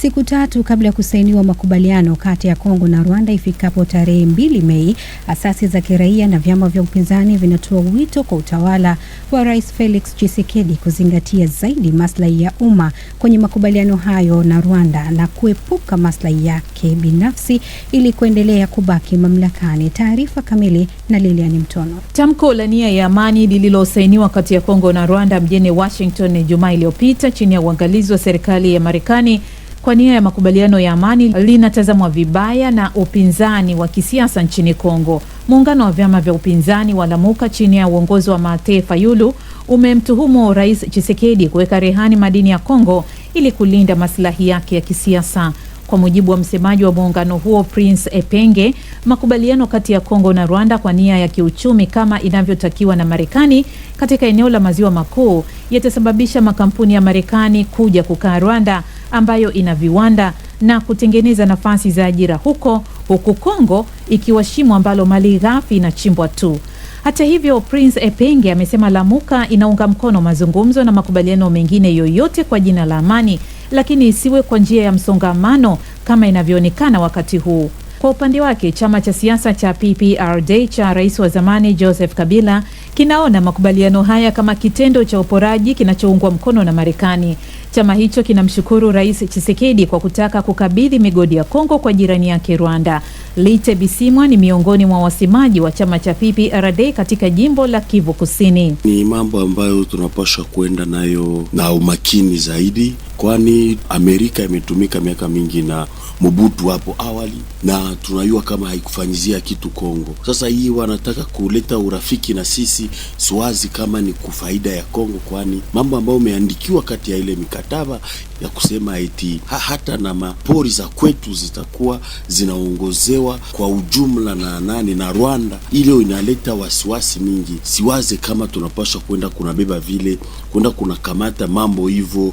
siku tatu kabla ya kusainiwa makubaliano kati ya Kongo na Rwanda ifikapo tarehe mbili Mei, asasi za kiraia na vyama vya upinzani vinatoa wito kwa utawala wa Rais Felix Tshisekedi kuzingatia zaidi maslahi ya umma kwenye makubaliano hayo na Rwanda na kuepuka maslahi yake binafsi ili kuendelea kubaki mamlakani. Taarifa kamili na Lilian Mtono. Tamko la nia ya amani lililosainiwa kati ya Kongo na Rwanda mjini Washington Ijumaa iliyopita chini ya uangalizi wa serikali ya Marekani kwa nia ya makubaliano ya amani linatazamwa vibaya na upinzani wa kisiasa nchini Kongo. Muungano wa vyama vya upinzani wa Lamuka chini ya uongozi wa Mate Fayulu umemtuhumu Rais Chisekedi kuweka rehani madini ya Kongo ili kulinda masilahi yake ya kisiasa. Kwa mujibu wa msemaji wa muungano huo Prince Epenge, makubaliano kati ya Kongo na Rwanda kwa nia ya kiuchumi kama inavyotakiwa na Marekani katika eneo la maziwa makuu yatasababisha makampuni ya Marekani kuja kukaa Rwanda ambayo ina viwanda na kutengeneza nafasi za ajira huko, huku Kongo ikiwa shimo ambalo mali ghafi inachimbwa tu. Hata hivyo, Prince Epenge amesema Lamuka inaunga mkono mazungumzo na makubaliano mengine yoyote kwa jina la amani, lakini isiwe kwa njia ya msongamano kama inavyoonekana wakati huu. Kwa upande wake chama cha siasa cha PPRD cha rais wa zamani Joseph Kabila kinaona makubaliano haya kama kitendo cha uporaji kinachoungwa mkono na Marekani. Chama hicho kinamshukuru Rais chisekedi kwa kutaka kukabidhi migodi ya Kongo kwa jirani yake Rwanda. Lite Bisimwa ni miongoni mwa wasemaji wa chama cha PPRD katika jimbo la Kivu Kusini. Ni mambo ambayo tunapaswa kwenda nayo na umakini zaidi kwani Amerika imetumika miaka mingi na Mobutu hapo awali, na tunajua kama haikufanyizia kitu Kongo. Sasa hii wanataka kuleta urafiki na sisi, siwazi kama ni kufaida ya Kongo, kwani mambo ambayo umeandikiwa kati ya ile mikataba ya kusema eti ha, hata na mapori za kwetu zitakuwa zinaongozewa kwa ujumla na nani na Rwanda, ile inaleta wasiwasi mingi. Siwaze kama tunapaswa kwenda kunabeba vile kwenda kunakamata mambo hivyo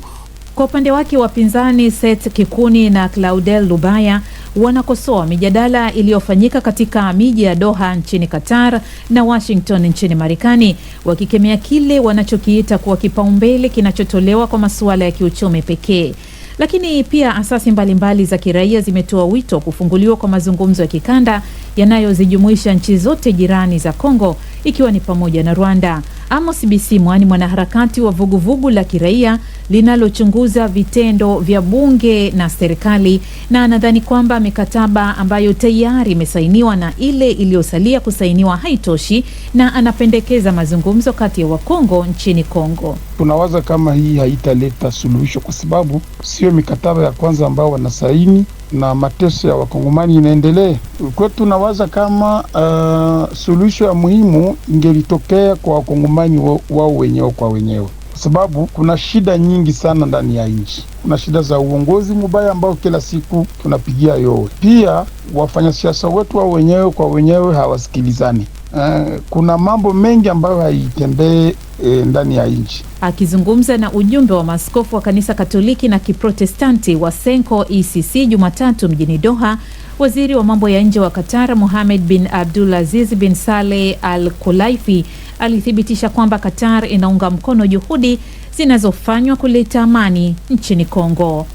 kwa upande wake wapinzani Seth Kikuni na Claudel Lubaya wanakosoa mijadala iliyofanyika katika miji ya Doha nchini Qatar na Washington nchini Marekani, wakikemea kile wanachokiita kuwa kipaumbele kinachotolewa kwa masuala ya kiuchumi pekee. Lakini pia asasi mbalimbali za kiraia zimetoa wito kufunguliwa kwa mazungumzo ya kikanda yanayozijumuisha nchi zote jirani za Kongo, ikiwa ni pamoja na Rwanda. Amos Bisimwa ni mwanaharakati wa vuguvugu la kiraia linalochunguza vitendo vya bunge na serikali, na anadhani kwamba mikataba ambayo tayari imesainiwa na ile iliyosalia kusainiwa haitoshi, na anapendekeza mazungumzo kati ya Wakongo nchini Kongo. Tunawaza kama hii haitaleta suluhisho, kwa sababu sio mikataba ya kwanza ambao wanasaini na mateso ya wakongomani inaendelea kwetu. Nawaza kama uh, suluhisho ya muhimu ingelitokea kwa wakongomani wao wenyewe kwa wenyewe, kwa sababu kuna shida nyingi sana ndani ya nchi. Kuna shida za uongozi mubaya ambao kila siku tunapigia yowe, pia wafanyasiasa wetu wao wenyewe kwa wenyewe hawasikilizani. Uh, kuna mambo mengi ambayo haitembee e, eh, ndani ya nchi. Akizungumza na ujumbe wa maaskofu wa kanisa Katoliki na Kiprotestanti wa Senko ECC Jumatatu mjini Doha, waziri wa mambo ya nje wa Qatar Mohamed bin abdul aziz bin Saleh Al Kulaifi alithibitisha kwamba Qatar inaunga mkono juhudi zinazofanywa kuleta amani nchini Kongo.